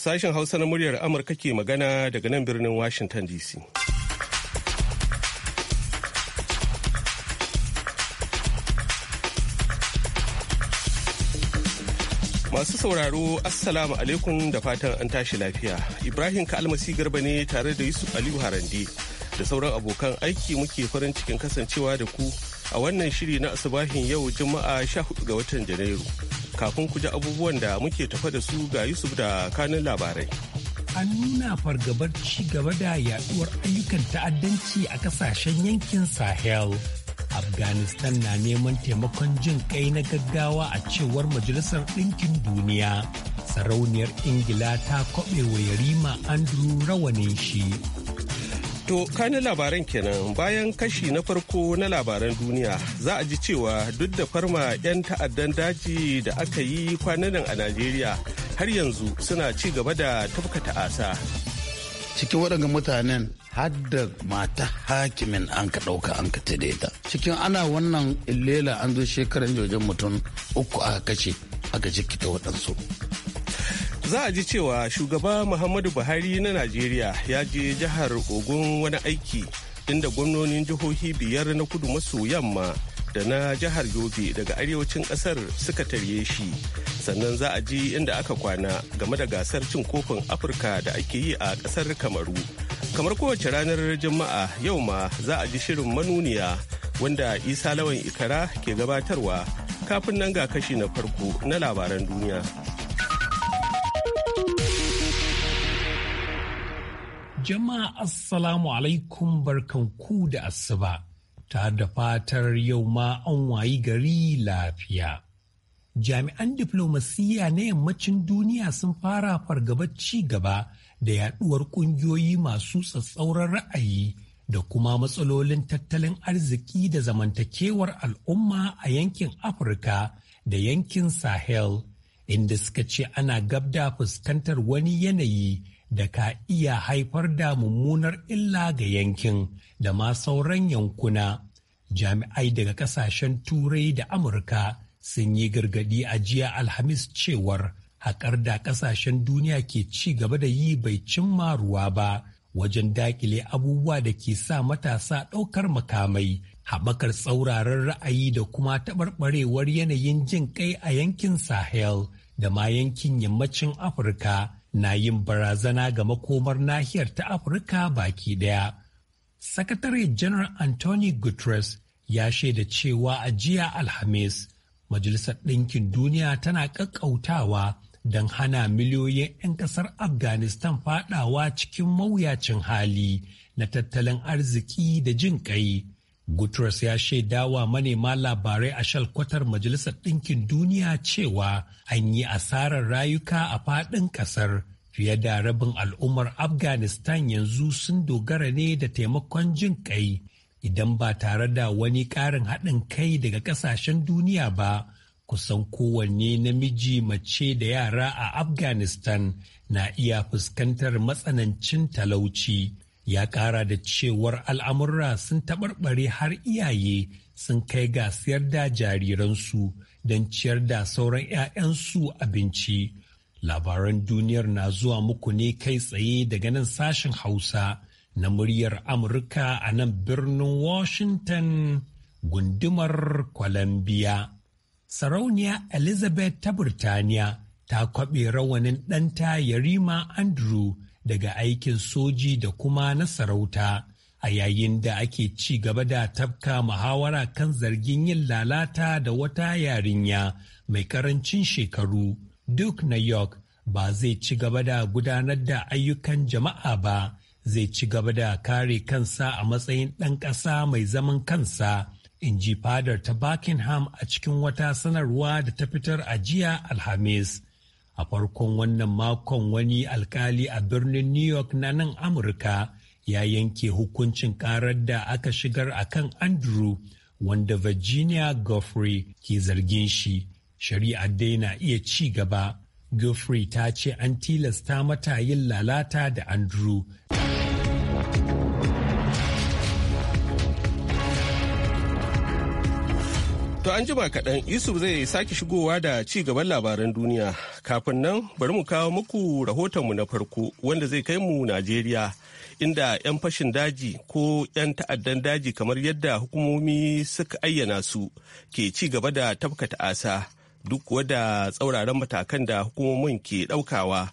Sashen Hausa na muryar Amurka ke magana daga nan birnin Washington DC. Masu sauraro Assalamu alaikum da fatan an tashi lafiya. Ibrahim Kalmasi Garba ne tare da Yusuf Aliyu Harande da sauran abokan aiki muke farin cikin kasancewa da ku a wannan shiri na asubahin yau Juma'a 14 ga watan Janairu. kafin ku ji abubuwan da muke tafa da su ga Yusuf da kanin labarai. An nuna fargabar ci gaba da yaduwar ayyukan ta'addanci a kasashen yankin Sahel. Afghanistan na neman taimakon jin kai na gaggawa a cewar Majalisar Ɗinkin Duniya. Sarauniyar Ingila ta kwaɓe wa Yarima Andrew rawanin shi. To kanin labaran kenan bayan kashi na farko na labaran duniya za a ji cewa duk da farma 'yan ta'addan daji da aka yi kwanan a Najeriya har yanzu suna ci gaba da tafka ta'asa. Cikin waɗanda mutanen hadda mata hakimin an ka ɗauka an ka ta. Cikin ana wannan illela an zo shekaran jojen mutum uku aka kashe aka jikita waɗansu. za a ji cewa shugaba muhammadu buhari na najeriya ya je jihar ogun wani aiki inda gwamnonin jihohi biyar na kudu maso yamma da na jihar yobe daga arewacin kasar suka tarye shi sannan za a ji inda aka kwana game da gasar cin kofin afirka da ake yi a kasar kamaru kamar kowace ranar juma'a yau ma za a ji shirin manuniya wanda isa lawan ikara ke gabatarwa kafin nan ga kashi na farko na labaran duniya Jama'a Assalamu alaikum Ku da asuba, ta da fatar yau ma an wayi gari lafiya. Jami'an diflomasiyya na yammacin duniya sun fara fargabar ci gaba da yaduwar kungiyoyi masu tsatsauran ra'ayi da kuma matsalolin tattalin arziki da zamantakewar al'umma a yankin Afirka da yankin Sahel, inda suka ce ana gabda fuskantar wani yanayi da ka iya haifar da mummunar illa ga yankin da ma sauran yankuna. Jami'ai daga kasashen Turai da Amurka sun yi gargadi a jiya Alhamis cewar haƙar da kasashen duniya ke ci gaba da yi bai cimma ruwa ba wajen dakile abubuwa da ke sa matasa ɗaukar makamai haɓakar tsauraran ra'ayi da kuma taɓarɓarewar yanayin jin kai a yankin Sahel da ma yankin yammacin Afirka. na yin barazana ga makomar nahiyar ta Afirka baki daya. Sakatare General Anthony Guterres ya shaida cewa a jiya Alhamis, Majalisar Ɗinkin Duniya tana ƙaƙƙautawa don hana miliyoyin 'yan ƙasar Afghanistan faɗawa cikin mawuyacin hali na tattalin arziki da jin ƙai. Guterres ya shaida wa manema labarai a shalkwatar Majalisar Ɗinkin Duniya cewa an yi asarar rayuka a faɗin ƙasar fiye da rabin al'ummar Afghanistan yanzu sun dogara ne da taimakon jin kai idan ba tare da wani ƙarin haɗin kai daga ƙasashen duniya ba. Kusan kowanne namiji mace da yara a Afghanistan na iya fuskantar matsanancin talauci. ya ƙara da cewar al'amurra sun taɓarɓare har iyaye sun kai ga siyar da jariransu don ciyar da sauran 'ya'yansu abinci. Labaran duniyar na zuwa muku ne kai tsaye daga nan sashen Hausa na muryar Amurka a nan birnin Washington gundumar Columbia. Sarauniya Elizabeth ta Burtaniya ta kwaɓe rawanin ɗanta Yarima Andrew daga aikin soji da kuma na sarauta a yayin da ake ci gaba da tafka muhawara kan zargin yin lalata da wata yarinya mai karancin shekaru duke na york ba zai ci gaba da gudanar da ayyukan jama'a ba zai ci gaba da kare kansa a matsayin ɗan ƙasa mai zaman kansa in ji fadar ta buckingham a cikin wata sanarwa da ta fitar a jiya alhamis a farkon wannan makon wani alkali a birnin new york na nan amurka ya yanke hukuncin karar da aka shigar a kan andrew wanda virginia guffrey ke zargin shi shari'a dai na iya ci gaba guffrey ta ce an tilasta mata yin lalata da andrew To an jima kaɗan Yusuf zai sake shigowa da ci gaban labaran duniya. Kafin nan bari mu kawo muku rahotonmu na farko wanda zai kai mu Najeriya inda 'yan fashin daji ko 'yan ta'addan daji kamar yadda hukumomi suka ayyana su ke ci gaba da tafka asa, duk kuwa tsauraran matakan da hukumomin ke ɗaukawa.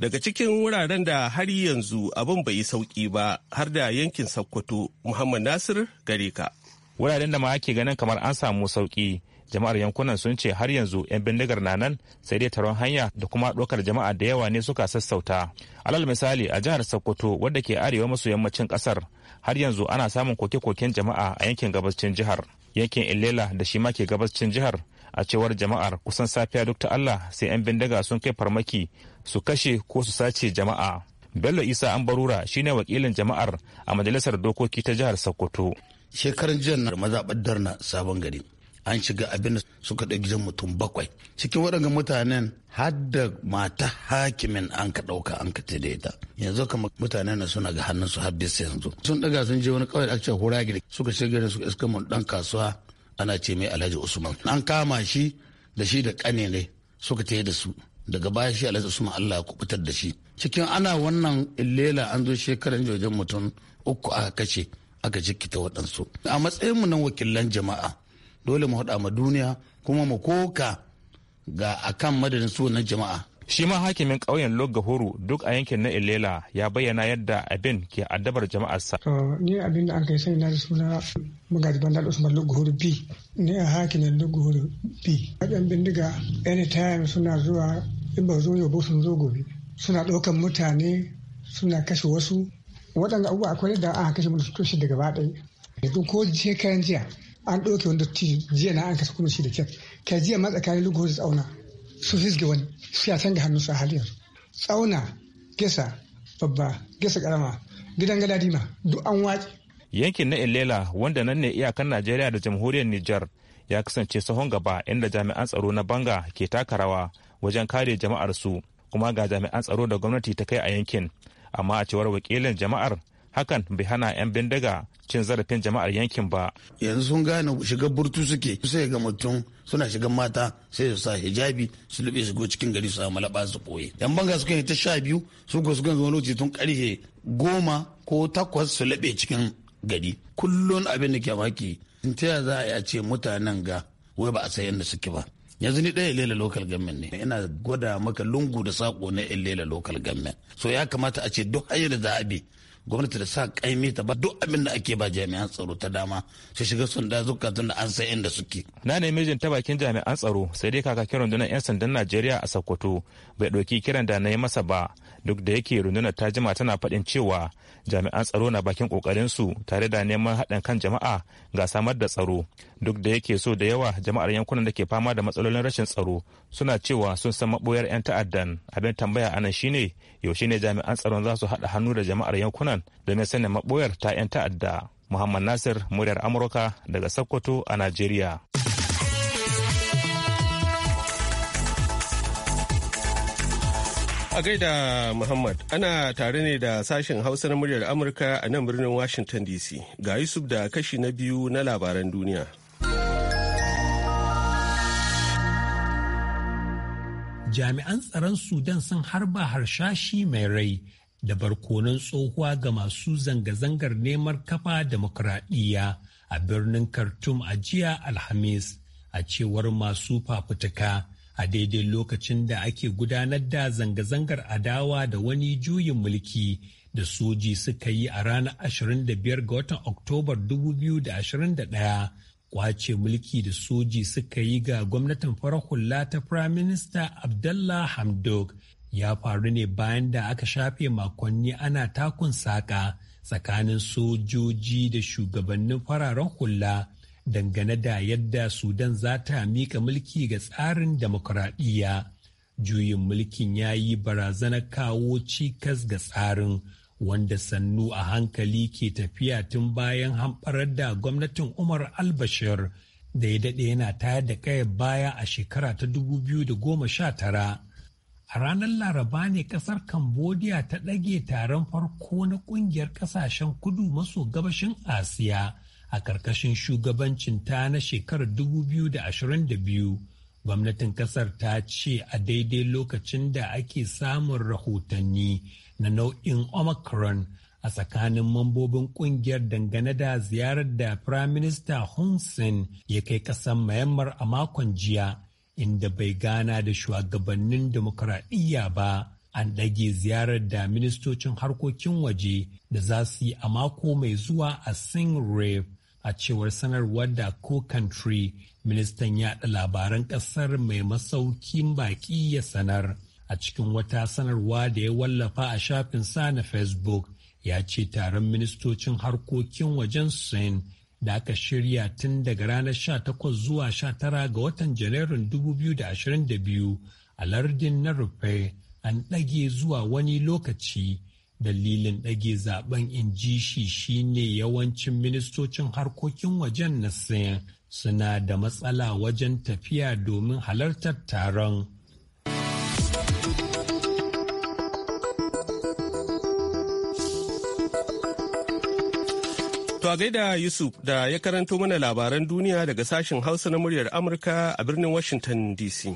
Daga cikin wuraren da har yanzu abin bai yi sauƙi ba har da yankin Sokoto Muhammad Nasir Gareka. wuraren da ma ake ganin kamar an samu sauki jama'ar yankunan sun ce har yanzu 'yan bindigar na nan sai dai taron hanya da kuma ɗaukar jama'a da yawa ne suka sassauta alal misali a jihar sokoto wadda ke arewa maso yammacin ƙasar har yanzu ana samun koke-koken jama'a a yankin gabascin jihar yankin illela da shi ma ke gabascin jihar a cewar jama'ar kusan safiya duk ta allah sai 'yan bindiga sun kai farmaki su kashe ko su sace jama'a bello isa an barura shine wakilin jama'ar a majalisar dokoki ta jihar sokoto shekaran jiya na mazaɓar na sabon gari an shiga abin da suka ɗauki gidan mutum bakwai cikin waɗanda mutanen har da mata hakimin an ka ɗauka an ka da ita yanzu kama mutanen na suna ga hannun su har yanzu sun ɗaga sun je wani kawai da ake hura gida suka shiga da su iska mun ɗan kasuwa ana ce mai alhaji usman an kama shi da shi da ƙane ne suka tafi da su daga baya shi alhaji usman allah ya kubutar da shi cikin ana wannan illela an zo shekaran jojen mutum uku aka kace aka jikita waɗansu a matsayinmu na wakilan jama'a dole mu haɗa ma duniya kuma mu koka ga akan madadin su na jama'a shi ma hakimin ƙauyen logahoro duk a yankin na ilela ya bayyana yadda abin ke addabar jama'arsa. ni abin da an kai sani na da suna magajiban da usman logahoro b ni a hakimin logahoro b yan bindiga anytime suna zuwa in ba zo yau sun zo gobe suna ɗaukan mutane suna kashe wasu waɗanda abubuwa akwai da aka kashe mutu toshe daga da yanzu ko kayan jiya an ɗauke wanda jiya na an kasa kuma shi da kyau ka jiya ma tsakanin lugu da tsauna su fisge wani su ya canza hannun su a halin tsauna gesa babba gesa karama gidan dima duk an wace. yankin na ilela wanda nan ne iyakan najeriya da jamhuriyar niger ya kasance sahon gaba inda jami'an tsaro na banga ke taka rawa wajen kare jama'ar su kuma ga jami'an tsaro da gwamnati ta kai a yankin amma a cewar wakilin jama'ar hakan bai hana 'yan bindiga cin zarafin jama'ar yankin ba yanzu sun gane shiga burtu suke sai ga mutum suna shigan mata sai su sa hijabi su lube su go cikin gari su samu ba su boye yan banga suka yi ta sha biyu su ko suka zo lokaci tun karhe goma ko takwas su lube cikin gari kullun abin da ke maki in ta za a ce mutanen ga wai ba a san da suke ba yanzu ni ɗaya lela local government ne ina gwada maka lungu da sako na yan lela local government so ya kamata a ce duk hanyar da za gwamnati da sa kaimi ta ba duk abin da ake ba jami'an tsaro ta dama su shiga sun da tun da an san inda suke. Na nemi mijin ta bakin jami'an tsaro sai dai kaka kiran dunan 'yan sandan Najeriya a Sokoto bai ɗauki kiran da na yi masa ba duk da yake rundunar ta jima tana faɗin cewa jami'an tsaro na bakin ƙoƙarinsu tare da neman haɗin kan jama'a ga samar da tsaro duk da yake so da yawa jama'ar yankunan da ke fama da matsalolin rashin tsaro suna cewa sun san maɓoyar 'yan ta'addan abin tambaya anan shine yaushe ne jami'an tsaron za su haɗa hannu da jama'ar yankunan domin sanin maɓoyar ta 'yan ta'adda muhammad nasir muryar amurka daga sokoto a najeriya A gaida Muhammad, ana tare ne da sashen Hausa na muryar Amurka a nan birnin Washington DC. Ga Yusuf da kashi na biyu na labaran duniya. Jami'an tsaron Sudan sun harba harshashi mai rai da barkonon tsohuwa ga masu zanga-zangar neman kafa demokradiyya a birnin Khartoum a jiya Alhamis a cewar masu fafutuka. a daidai lokacin da ake gudanar da zanga-zangar adawa da wani juyin mulki da soji suka yi a ranar 25 ga watan Oktobar 2021 kwace mulki da soji suka yi ga gwamnatin farar hula ta Prime Minister Abdullah Hamdok ya faru ne bayan da aka shafe makonni ana takun saƙa tsakanin sojoji da shugabannin fararen hula dangane da yadda Sudan za ta mika mulki ga tsarin demokuraɗiyya. Juyin mulkin ya yi barazanar kawo cikas ga tsarin wanda sannu a hankali ke tafiya tun bayan hamɓarar da gwamnatin Umar al-Bashir da ya daɗe yana tayar da kayan baya a shekara ta 2019. A ranar Laraba ne ƙasar Cambodia ta ɗage taron farko na ƙungiyar ƙasashen kudu maso gabashin Asiya a ƙarƙashin shugabancin ta na shekarar 2022 gwamnatin ƙasar ta ce a daidai lokacin da ake samun rahotanni na nau'in omicron a tsakanin mambobin ƙungiyar dangane da ziyarar da Prime Minister Hun Sen ya kai ƙasar Myanmar a makon jiya inda bai gana da shugabannin demokuraɗiyya ba an ɗage ziyarar da ministocin harkokin waje da za su yi a mako mai zuwa a Sing Reef. a cewar sanarwar da ko country ministan yaɗa labaran ƙasar mai masaukin baƙi ya sanar a cikin wata sanarwa da ya wallafa a shafin sa na facebook ya ce taron ministocin harkokin wajen sin da aka shirya tun daga ranar 18 zuwa 19 ga watan janairun 2022 a lardin na rufe an ɗage zuwa wani lokaci dalilin ɗage zaben in ji shi shine yawancin ministocin harkokin wajen na sayan suna da matsala wajen tafiya domin halartar taron To gaida Yusuf da ya karanto mana labaran duniya daga sashen Hausa na muryar Amurka a birnin Washington DC.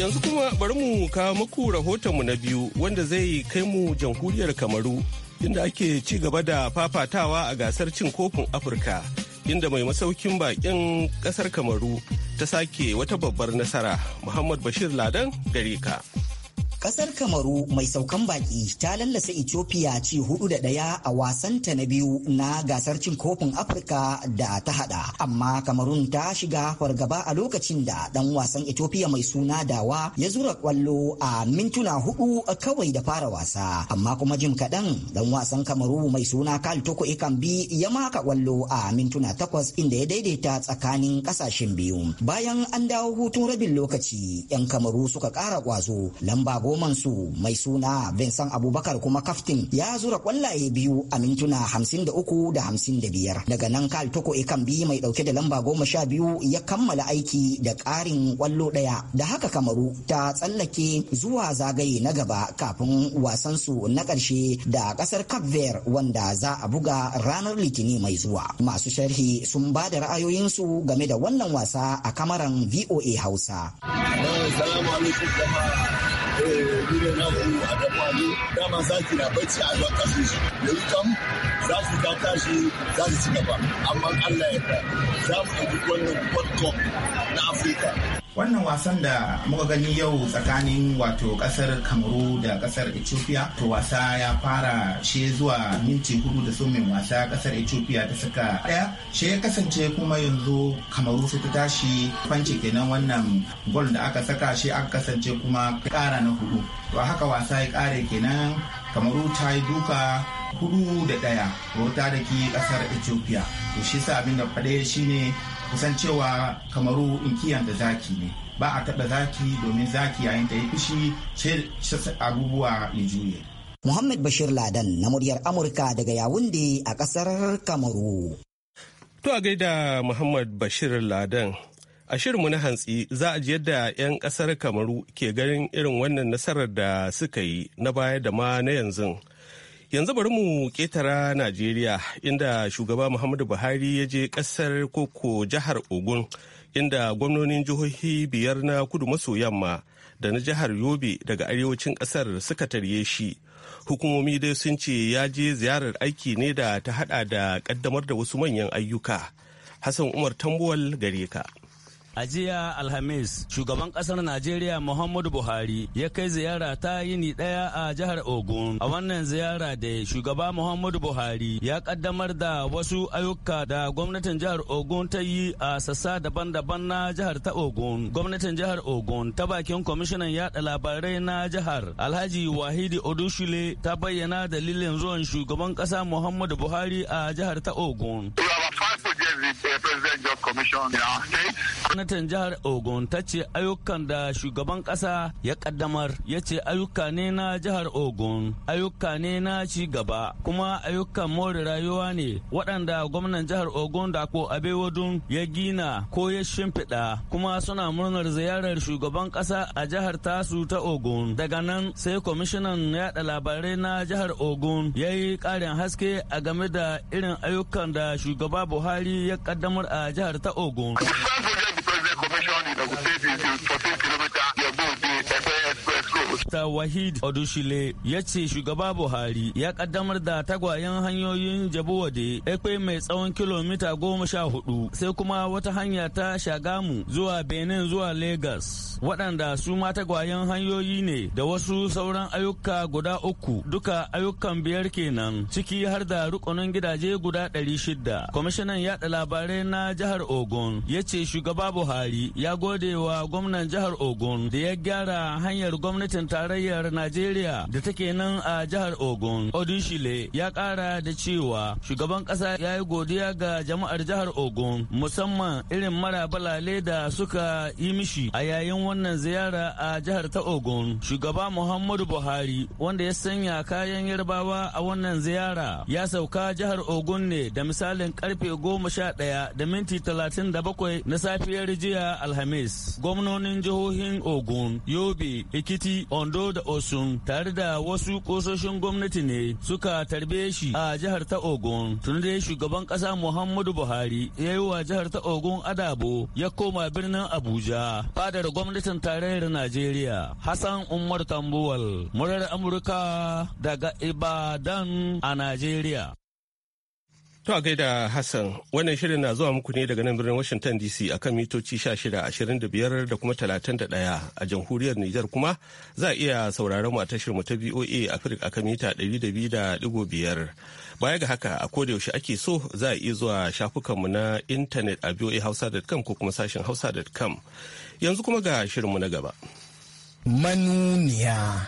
yanzu kuma bari mu kawo muku mu na biyu wanda zai kai mu jamhuriyar kamaru inda ake ci gaba da fafatawa a gasar cin kofin afirka inda mai masaukin bakin kasar kamaru ta sake wata babbar nasara muhammad bashir ladan gare ka Kasar Kamaru mai saukan baki ta lallasa Ethiopia ci hudu da ɗaya a wasanta na biyu na gasar cin kofin Afirka da ta hada. Amma Kamarun ta shiga fargaba a lokacin da ɗan wasan Ethiopia mai suna Dawa ya zura kwallo a mintuna hudu kawai da fara wasa. Amma kuma jim kaɗan dan wasan Kamaru mai suna Kal Toko Ikambi ya maka kwallo a mintuna takwas inda ya daidaita tsakanin ƙasashen biyu. Bayan an dawo hutun rabin lokaci 'yan Kamaru suka ƙara ƙwazo lamba goman su mai suna Vincent Abubakar kuma kaftin ya zura kwallaye biyu a mintuna hamsin da uku da hamsin da biyar. Daga nan Kal Toko Ekambi mai dauke da lamba goma sha biyu ya kammala aiki da ƙarin kwallo ɗaya. Da haka Kamaru ta tsallake zuwa zagaye na gaba kafin wasan su na ƙarshe da ƙasar Cape Verde wanda za a buga ranar Litini mai zuwa. Masu sharhi sun ba da ra'ayoyinsu game da wannan wasa a kamaran VOA Hausa. irin na horo a dakwali zaki na bacci a zuwa kashe shi da wutan za su ta tashi za su ci gaba amma allah ya za mu ɗauki wannan na afirka wannan wasan da muka gani yau tsakanin wato kasar kamaru da kasar ethiopia to wasa ya fara she zuwa minti hudu da somin wasa kasar ethiopia ta saka daya shi ya kasance kuma yanzu kamaru su ta tashi fanci kenan wannan gol da aka saka shi aka kasance kuma kara na hudu to haka wasa ya kare kenan kamaru ta yi duka hudu da daya wata da ke kasar ethiopia to shi sa abin da faɗe shine kusan cewa kamaru inkiyan da zaki ne ba a taɓa zaki domin zaki yayin da ya fushi abubuwa ya juye Muhammad Bashir Ladan na muryar Amurka daga Yawunde a ƙasar Kamaru. To a gaida Muhammad Bashir Ladan. A shirinmu na hantsi za a ji yadda 'yan ƙasar Kamaru ke ganin irin wannan nasarar da suka yi na baya da ma na yanzu Yanzu bari mu ketara Najeriya inda shugaba Muhammadu Buhari ya je kasar koko jihar Ogun inda gwamnonin jihohi biyar na kudu maso yamma da na jihar Yobe daga arewacin kasar suka tarye shi. Hukumomi dai sun ce ya je ziyarar aiki ne da ta hada da kaddamar da wasu manyan ayyuka. Hassan Umar Tambuwal gare ka. A jiya Alhamis, shugaban ƙasar Najeriya Muhammadu Buhari ya kai ziyara ta yini ɗaya a jihar Ogun. A wannan ziyara da shugaba Muhammadu Buhari ya ƙaddamar da wasu ayyuka da gwamnatin jihar Ogun ta yi a sassa daban-daban na jihar ta Ogun. Gwamnatin jihar Ogun ta bakin kwamishinan yada labarai na jihar Alhaji Wahidi Odushile ta bayyana dalilin zuwan shugaban ƙasa Muhammadu Buhari a jihar ta Ogun. gwamnatin jihar ogun ta ce ayyukan da shugaban ƙasa ya kaddamar ya ce ayyuka ne na jihar ogun ayyuka ne na ci gaba kuma ayyukan more rayuwa ne waɗanda gwamnan jihar ogun da ko abewodun ya gina ko ya shimfiɗa kuma suna murnar ziyarar shugaban kasa a jihar tasu ta ogun daga nan sai kwamishinan yaɗa labarai na jihar ogun ya yi ƙarin haske a game da irin ayyukan da shugaba buhari ya kaddamar a jihar ta ogun But they Dr. Wahid Odushile ya ce shugaba Buhari ya kaddamar da tagwayen hanyoyin zhab-wade ekwe mai tsawon kilomita goma sha hudu sai kuma wata hanya ta Shagamu zuwa Benin zuwa Lagos waɗanda su ma tagwayen hanyoyi ne da wasu sauran ayyuka guda uku duka ayyukan biyar kenan ciki har da rukunin gidaje guda ɗari shida. Kwamishinan yaɗa labarai na jihar Ogun ya ce shugaba Buhari ya gode wa gwamnan jihar Ogun da ya gyara hanyar gwamnatin ta tarayyar Najeriya da take nan a jihar Ogun, Odunshile ya kara da cewa shugaban kasa ya yi godiya ga jama'ar jihar Ogun musamman irin mara balale da suka yi mishi a yayin wannan ziyara a jihar ta Ogun. Shugaba Muhammadu Buhari wanda ya sanya kayan yarbawa a wannan ziyara ya sauka jihar Ogun ne da misalin karfe goma sha ɗaya da minti talatin da bakwai na safiyar jiya Alhamis. Gwamnonin jihohin Ogun, Yobe, Ekiti, Ondo Ondo da Osun tare da wasu kososhin gwamnati ne suka tarbe shi a jihar ta Ogun. Tun da shugaban kasa Muhammadu Buhari ya yi wa jihar ta Ogun adabo ya koma birnin Abuja. Fadar gwamnatin tarayyar Najeriya Hassan Umar Tambuwal murar Amurka daga Ibadan a Najeriya. To a gaida Hassan, wannan shirin na zuwa muku ne daga nan birnin Washington DC akan mitoci 1625 da kuma 31 a jamhuriyar Nijar kuma za a iya sauraron mu a tashar mu ta BOA Africa akan mita 200.5. Baya ga haka a koda yaushe ake so za a iya zuwa shafukanmu na intanet a boahausa.com ko kuma sashen hausa.com. Yanzu kuma ga shirinmu na gaba. Manuniya.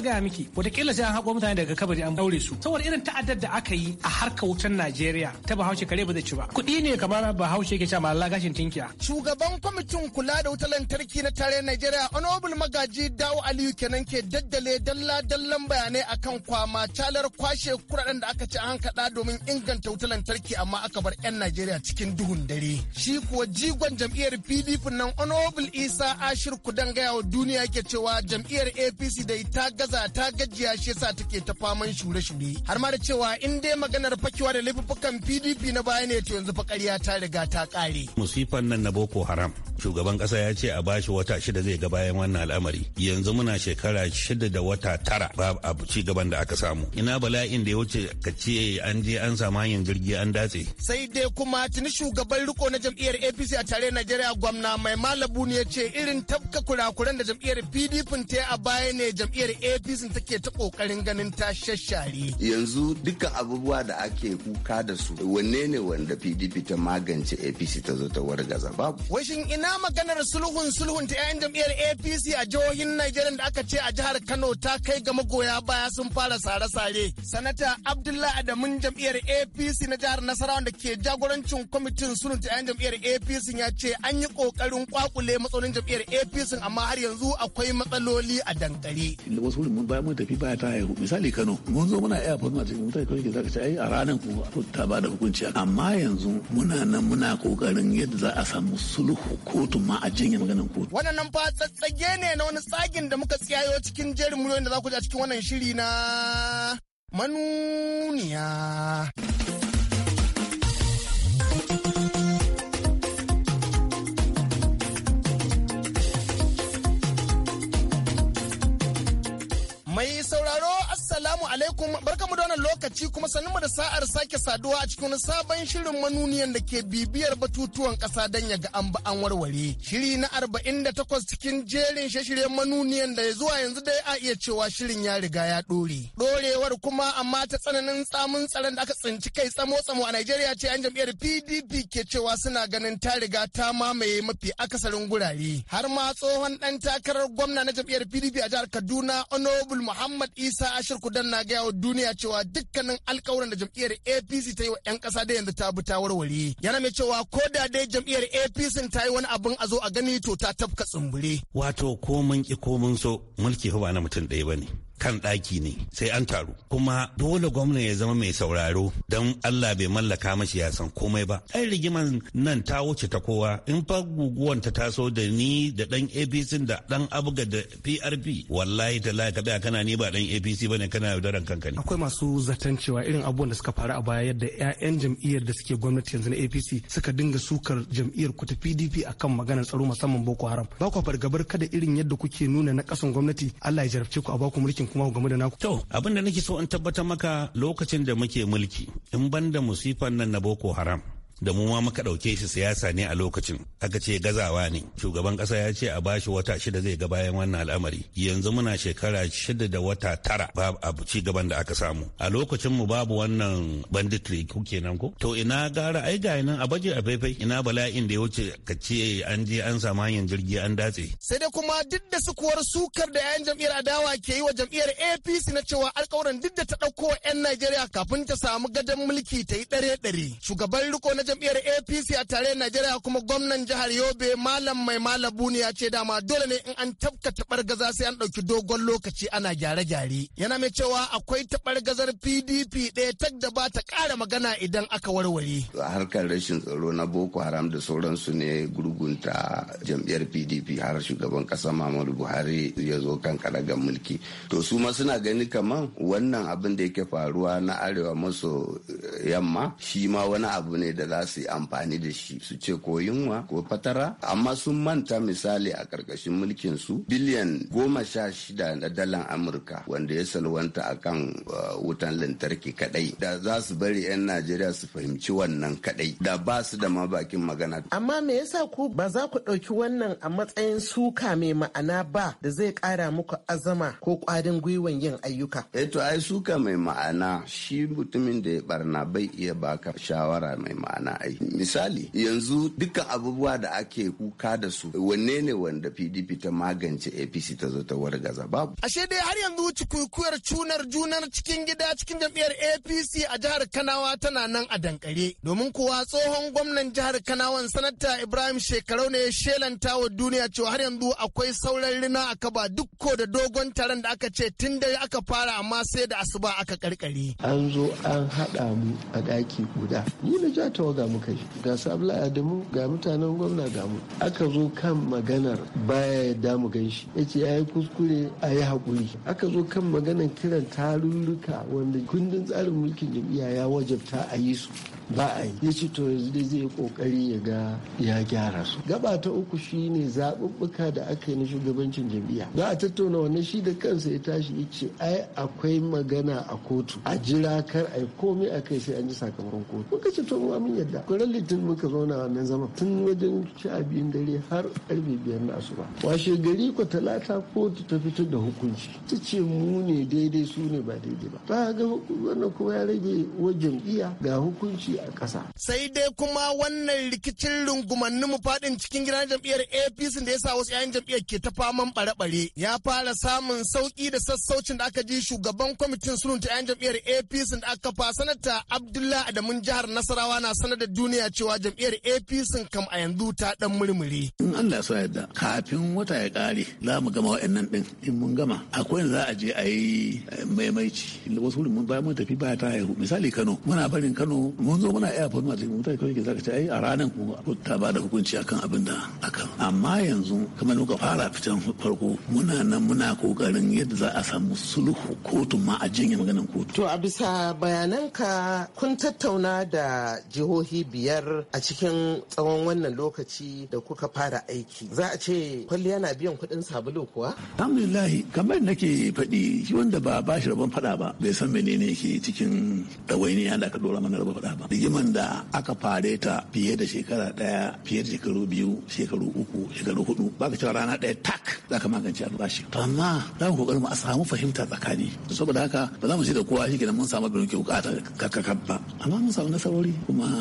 taba gaya miki wataƙila sai an haƙo mutane daga kabari an daure su saboda irin ta'addar da aka yi a harkar wutan Najeriya ta bahaushe kare ba zai ci ba kuɗi ne kamar bahaushe ke cewa malala gashin tinkiya shugaban kwamitin kula da wutar lantarki na tarayyar Najeriya honorable magaji Dawo Aliyu kenan ke daddale dalla dallan bayanai akan kwama calar kwashe kuɗaɗen da aka ci an kaɗa domin inganta wutar lantarki amma aka bar 'yan Najeriya cikin duhun dare shi kuwa jigon jam'iyyar PDP nan honorable Isa Ashir Kudan gaya wa duniya ke cewa jam'iyyar APC da ita gaza ta gajiya shi yasa take ta faman shure-shure har ma da cewa in dai maganar fakewa da laifuffukan pdp na baya ne to yanzu fa ƙarya ta riga ta ƙare musifan nan na boko haram shugaban kasa ya ce a bashi wata shida zai ga bayan wannan al'amari yanzu muna shekara shida da wata tara ba a ci gaban da aka samu ina bala'in da ya wuce ka ce an je an samu hanyar jirgi an datse sai dai kuma tuni shugaban riko na jam'iyyar apc a tare najeriya gwamna mai malabu ne ya ce irin tafka kurakuran da jam'iyyar pdp ta a baya ne jam'iyyar apc take ta kokarin ganin ta shashare yanzu duka abubuwa da ake kuka da su wanne ne wanda pdp ta magance apc ta zo ta wargaza babu ina maganar sulhun sulhun ta yan jam'iyyar apc a jihohin nigeria da aka ce a jihar kano ta kai ga magoya baya sun fara sare-sare sanata abdullahi adamun jam'iyyar apc na jihar nasarawa da ke jagorancin kwamitin sulhun ta yan jam'iyyar apc ya ce an yi kokarin kwakule matsalolin jam'iyyar apc amma har yanzu akwai matsaloli a dankare. wasu mun baya mun tafi baya ta haihu misali kano mun zo muna iya fama cikin mutane kawai ke zaka ce ai a ranar kuma ta ba da hukunci amma yanzu muna nan muna kokarin yadda za a samu sulhu ko kotun ma a janye maganan kotu. Wannan fa tsatsage ne na wani tsagin da muka tsayo cikin jerin muryoyin da za ku ji a cikin wannan shiri na manuniya. Mai sauraro Assalamu alaikum barkamu lokaci kuma mu da sa'ar sake saduwa a cikin sabon shirin manuniyan da ke bibiyar batutuwan kasa don ya ga an ba an warware. Shiri na arba'in da takwas cikin jerin shashiryen manuniyan da ya zuwa yanzu dai a iya cewa shirin ya riga ya ɗore. Ɗorewar kuma amma ta tsananin tsamin tsaron da aka tsinci kai tsamo-tsamo a Najeriya ce yan jam'iyyar PDP ke cewa suna ganin ta riga ta mamaye mafi akasarin gurare. Har ma tsohon dan takarar gwamna na jam'iyyar PDP a jihar Kaduna Honorable Muhammad Isa Ashirku Kudan na gaya wa duniya cewa dukkanin alkawuran da jam'iyyar apc ta yi wa 'yan ƙasa da yanzu ta bi ta warware yana mai cewa ko da dai jam'iyyar apc ta yi wani abin a zo a gani to ta tafka tsumbure wato ko mun ki ko mun so mulki ba na mutum ɗaya ba ne kan ɗaki ne sai an taru kuma dole gwamna ya zama mai sauraro don Allah bai mallaka mashi ya san komai ba ai rigiman nan ta wuce ta kowa in fa guguwan ta taso da ni da dan APC da dan abuga da PRP wallahi tallahi ka kana ni ba dan APC bane kana yaudaran kanka ne akwai masu zaton cewa irin abubuwan da suka faru a baya yadda 'ya'yan jam'iyyar da suke gwamnati yanzu na APC suka dinga sukar jam'iyyar ku ta PDP akan maganar tsaro musamman Boko Haram ba ku fargabar kada irin yadda kuke nuna na kasan gwamnati Allah ya jarabce ku a baku mulkin kuma game da naku. To abin da nake so in tabbatar maka lokacin da muke mulki in banda musifan nan na Boko Haram. da mu ma muka ɗauke shi siyasa ne a lokacin aka ce gazawa ne shugaban ƙasa ya ce a bashi wata shida zai ga bayan wannan al'amari yanzu muna shekara shida da wata tara babu abu ci gaban da aka samu a lokacin mu babu wannan banditry kuke nan ko to ina gara ai ga nan a baje a faifai ina bala'in da ya wuce ka ce an je an samu hanyar jirgi an datse sai dai kuma duk da sukuwar sukar da 'ya'yan jam'iyyar adawa ke yi wa jam'iyyar APC na cewa alƙawuran duk da ta ɗauko 'yan Najeriya kafin ta samu gadon mulki ta yi ɗare-ɗare shugaban riko na jam'iyyar apc a tare najeriya kuma gwamnan jihar yobe malam mai malabu ne ya ce dama dole ne in an tafka gaza sai an ɗauki dogon lokaci ana gyare-gyare yana mai cewa akwai gazar pdp ɗaya tak da ba ta ƙara magana idan aka warware harkar rashin tsaro na boko haram da sauransu ne gurgunta jam'iyyar pdp har shugaban kasa muhammadu buhari ya zo kan karagar mulki to su ma suna gani kaman wannan abin da yake faruwa na arewa maso yamma shi ma wani abu ne da za yara su amfani da shi su ce ko yunwa ko fatara amma sun manta misali a ƙarƙashin mulkin su biliyan goma sha shida na dalan amurka wanda ya salwanta a kan uh, wutan lantarki kadai da za su bari 'yan najeriya su fahimci wannan kadai da ba su da ma bakin magana amma me yasa ku ba za ku ɗauki wannan a matsayin suka mai ma'ana ba da zai ƙara muku azama ko ƙwarin gwiwan yin ayyuka eh to ai suka mai ma'ana shi mutumin da ya barna bai iya baka shawara mai ma'ana ana ai misali yanzu dukkan abubuwa da ake kuka da su wanne ne wanda pdp ta magance apc ta zo ta wargaza babu ashe dai har yanzu cikukuyar cunar junar cikin gida cikin jam'iyyar apc a jihar kanawa tana nan a dankare domin kuwa tsohon gwamnan jihar kanawan sanata ibrahim shekarau ne shelanta wa duniya cewa har yanzu akwai sauran rina a kaba dukko da dogon taron da aka ce tun dare aka fara amma sai da asuba aka karkare an zo an haɗa mu a ɗaki guda ni na ja ta oda muka yi ga sabla mu ga mutanen gwamna ga mu aka zo kan maganar baya yadda mu gan shi ya ce yi kuskure a yi haƙuri aka zo kan maganar kiran tarurruka wanda kundin tsarin mulkin jam'iyya ya wajabta a yi su ba a yi ya ce to yanzu dai zai kokari ya ga ya gyara su gaba ta uku shine zaɓuɓɓuka da aka yi na shugabancin jam'iyya za a tattauna wannan shi da kansa ya tashi ya ce ai akwai magana a kotu a jira kar ai komai a kai sai an ji sakamakon kotu muka ce to mu amin yadda kuran litinin muka zauna nan zama tun wajen sha biyun dare har karfe biyar na asuba washe gari ko talata ko ta fitar da hukunci ta ce mu ne daidai su ne ba daidai ba ta ga wannan kuma ya rage wajen iya ga hukunci a ƙasa. sai dai kuma wannan rikicin rungumannin mu faɗin cikin gidan jam'iyyar apc da ya sa wasu 'ya'yan jam'iyyar ke ta faman bare-bare ya fara samun sauƙi da sassaucin da aka ji shugaban kwamitin ta yan jam'iyyar apc da aka fa sanata abdullahi adamun jihar nasarawa na sanar sanar da duniya cewa jam'iyyar apc kam a yanzu ta dan murmure in allah ya yadda kafin wata ya kare za mu gama wa'annan din in mun gama akwai za a je a yi eh, maimaici wasu mun bayan mun tafi baya ta haihu misali kano muna barin kano mun zo muna airport ma cikin mutane kawai ke zaka ce ai a ranar ku ta ba da hukunci akan abin da akan amma yanzu kamar muka fara fitan farko muna nan muna kokarin yadda za a samu sulhu kotun ma a janye maganan kotu to a bisa bayananka kun tattauna da jihohi jihohi biyar a cikin tsawon wannan lokaci da kuka fara aiki za a ce kwalliya na biyan kuɗin sabulu kuwa alhamdulillah kamar nake faɗi shi wanda ba ba shi rabon faɗa ba bai san menene ke cikin dawainiya da aka dora mana rabon faɗa ba rigiman da aka fare ta fiye da shekara ɗaya fiye da shekaru biyu shekaru uku shekaru hudu ba ka cewa rana ɗaya tak za ka magance albashi amma za mu kokarin a samu fahimta tsakani saboda haka ba za mu ce da kowa shi kenan mun samu abin da ke bukata ka ba amma mun samu nasarori kuma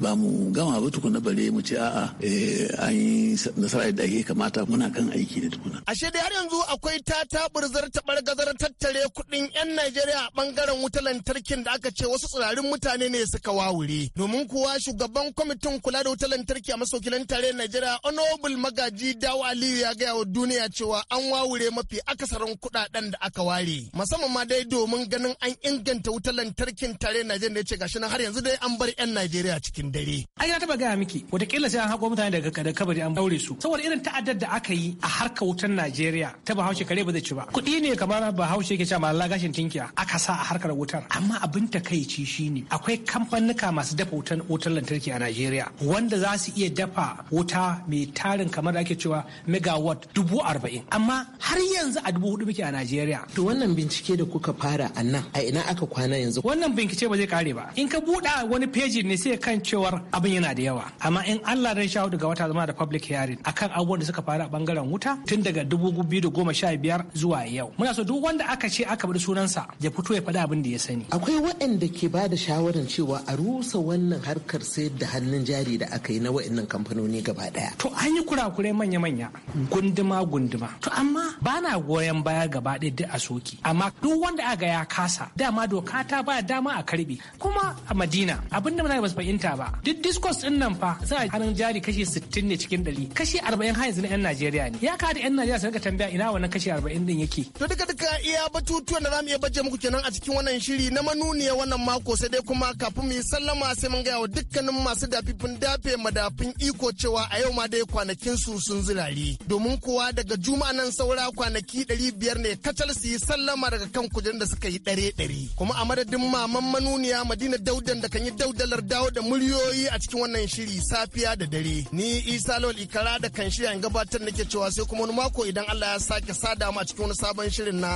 ba mu gama ba tukuna bare mu ce a'a eh, an yi nasara da ake kamata muna kan aiki ne tukuna. Ashe dai har yanzu akwai ta taburzar gazar tattare kuɗin 'yan Najeriya a ɓangaren wutar lantarkin da aka ce wasu tsirarin mutane ne suka wawure. Domin kuwa shugaban kwamitin kula da wutar lantarki a masokilan tare Najeriya Honorable Magaji Dawo Aliyu ya gaya wa duniya cewa an wawure mafi akasarin kuɗaɗen da aka ware. Musamman ma dai domin ganin an inganta wutar lantarkin tare Najeriya ne ce gashi nan har yanzu dai an bar 'yan Najeriya cikin dare ai na taba gaya miki wataƙila sai an haƙo mutane daga kada kabari an daure su saboda irin ta'addar da aka yi a harkar wutan Najeriya ta Bahaushe kare ba zai ci ba kuɗi ne kamar Bahaushe yake cewa malala gashin tinkiya aka sa a harkar wutar amma abin takaici shine akwai kamfanuka masu dafa wutan wutar lantarki a Najeriya wanda za su iya dafa wuta mai tarin kamar ake cewa megawatt dubu arba'in amma har yanzu a dubu hudu muke a Najeriya. To wannan bincike da kuka fara a nan a ina aka kwana yanzu. Wannan bincike ba zai kare ba in ka buɗa wani peji ne sai kan cewa cewar abin yana da yawa amma in Allah dai shawo daga wata zama da public hearing akan abubuwan da suka faru a bangaren wuta tun daga 2015 zuwa yau muna so duk wanda aka ce aka bar sunansa ya fito ya faɗa abin da ya sani akwai waɗanda ke ba da shawaran cewa a rusa wannan harkar sayar da hannun jari da aka yi na waɗannan kamfanoni gaba daya to an yi kurakurai manya-manya gunduma gunduma to amma ba na goyon baya gaba ɗaya duk a soki amma duk wanda aka ya kasa dama doka ta ba dama a karbe kuma a madina abin da muna ba su fahimta ba duk discos din nan fa za a hannun jari kashi 60 ne cikin 100 kashi 40 ha yanzu na yan Najeriya ne ya kada yan Najeriya su rika tambaya ina wannan kashi 40 din yake to duka duka iya batutuwan da mu iya baje muku kenan a cikin wannan shiri na manuniya wannan mako sai dai kuma kafin mu yi sallama sai mun ga wa dukkanin masu dafifin dafe madafin iko cewa a yau ma dai kwanakin su sun zirari domin kuwa daga juma'a nan saura kwanaki 500 ne kacal su yi sallama daga kan kujerun da suka yi dare dare kuma a madadin maman manuniya Madina Daudan da kan yi daudalar dawo da muryo muryoyi a cikin wannan shiri safiya da dare. Ni Isa Lawal Ikara da kan shirya gabatar nake cewa sai kuma wani mako idan Allah ya sake sada mu a cikin wani sabon shirin na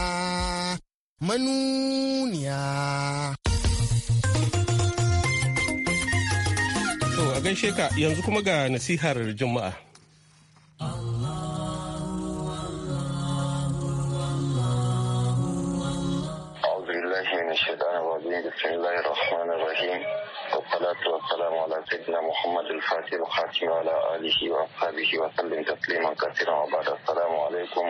manuniya. To a gaishe ka yanzu kuma ga nasihar Juma'a. الشيطان الرجيم بسم الله الرحمن الرحيم والصلاة والسلام على سيدنا محمد الفاتح الخاتم وعلى آله وأصحابه وسلم تسليما كثيرا وبعد السلام عليكم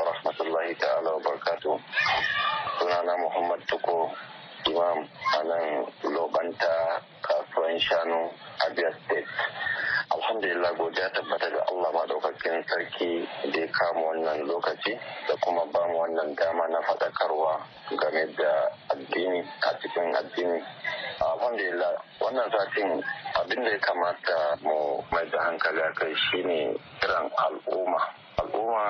ورحمة الله تعالى وبركاته سنانا محمد تكو إمام أنا لو بنتا kasuwan شانو أبيض alhamdulillah godiya tabbata ga Allah madaukakin sarki da ya kama wannan lokaci da kuma ba mu wannan dama na faɗakarwa game da addini a cikin addini alhamdulillah wannan satin abin da ya kamata mu mai da hankali a kai shine kiran al'umma al'umma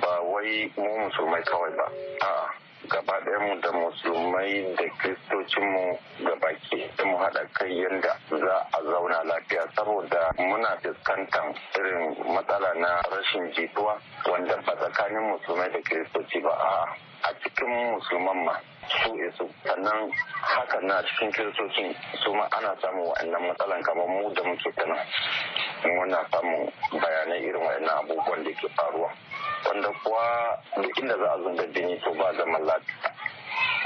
ba wai mu musulmai kawai ba a'a gaba mu da musulmai da kristocinmu baki da mu haɗa kai yadda za a zauna lafiya saboda muna fuskantar irin matsala na rashin jituwa wanda ba tsakanin musulmai da kiristoci ba a cikin musulman ma su isu sannan haka na cikin kiristocin su ma ana samun wa'annan matsalan kamar mu da muke tana muna samun bayanai irin wa'annan abubuwan da ke faruwa kuwa duk inda za a zunga jini to ba zaman lafiya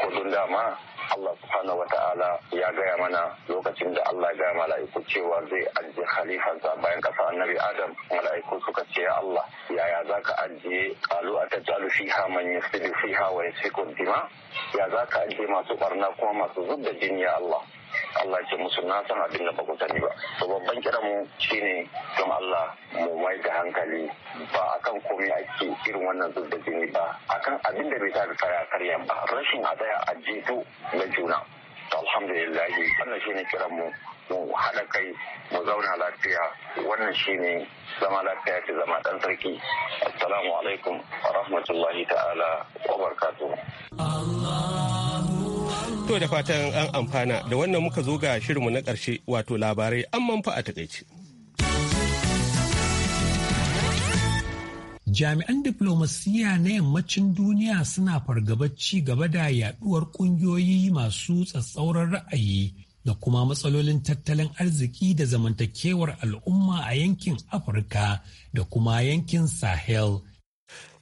ko don dama Allah subhanahu wa ta'ala ya gaya mana lokacin da Allah ya gaya mala'iku cewa zai ajiye khalifansa bayan kasa annabi Adam mala'iku suka ce ya Allah yaya za ka ajiye kalu a tattalu fiha man fi fiha wa yasiku dima ya za ka ajiye masu barna kuma masu zub da jini ya Allah Allah ce musu na san abin da bako ba to babban kiran mu shine don Allah mu mai da hankali ba akan komai ake irin wannan zub da jini ba akan abin da bai sa da karya ba rashin a tsaya a jito na juna alhamdulillah wannan shine kiran mu mu haɗa kai mu zauna lafiya wannan shine zama lafiya ce zama ɗan sarki assalamu alaikum wa rahmatullahi ta'ala wa barakatuh To da fatan an amfana da wannan muka zo ga shirinmu na ƙarshe wato labarai an manfa a takaice. jami'an diflomasiyya na yammacin duniya suna fargabar ci gaba da yaduwar kungiyoyi masu tsatsauran ra'ayi da kuma matsalolin tattalin arziki da zamantakewar al'umma a yankin afirka da kuma yankin sahel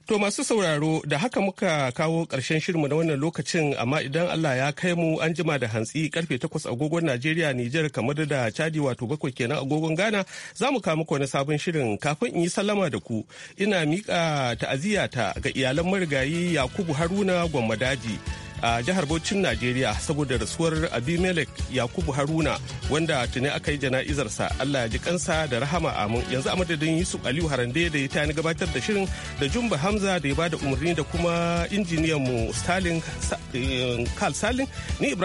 To masu sauraro da haka muka kawo ƙarshen shirinmu na wannan lokacin amma idan Allah ya kai mu an jima da hantsi karfe 8 agogon Najeriya Nijar kamar da Chadi wato bakwai kenan agogon Ghana za mu kawo muku wani sabon shirin kafin in yi sallama da ku ina miƙa ta'aziyata ga iyalan marigayi Yakubu Haruna Gwammadaji. a jihar Bauchin Najeriya saboda rasuwar Abimelek Yakubu Haruna wanda tuni aka yi jana'izarsa Allah ya ji kansa da rahama amin yanzu a madadin Yusuf Aliyu Harande da ya tani gabatar da shirin da Jumba Hamza da ya bada umarni da kuma injiniyan mu Stalin Karl eh, Salin ni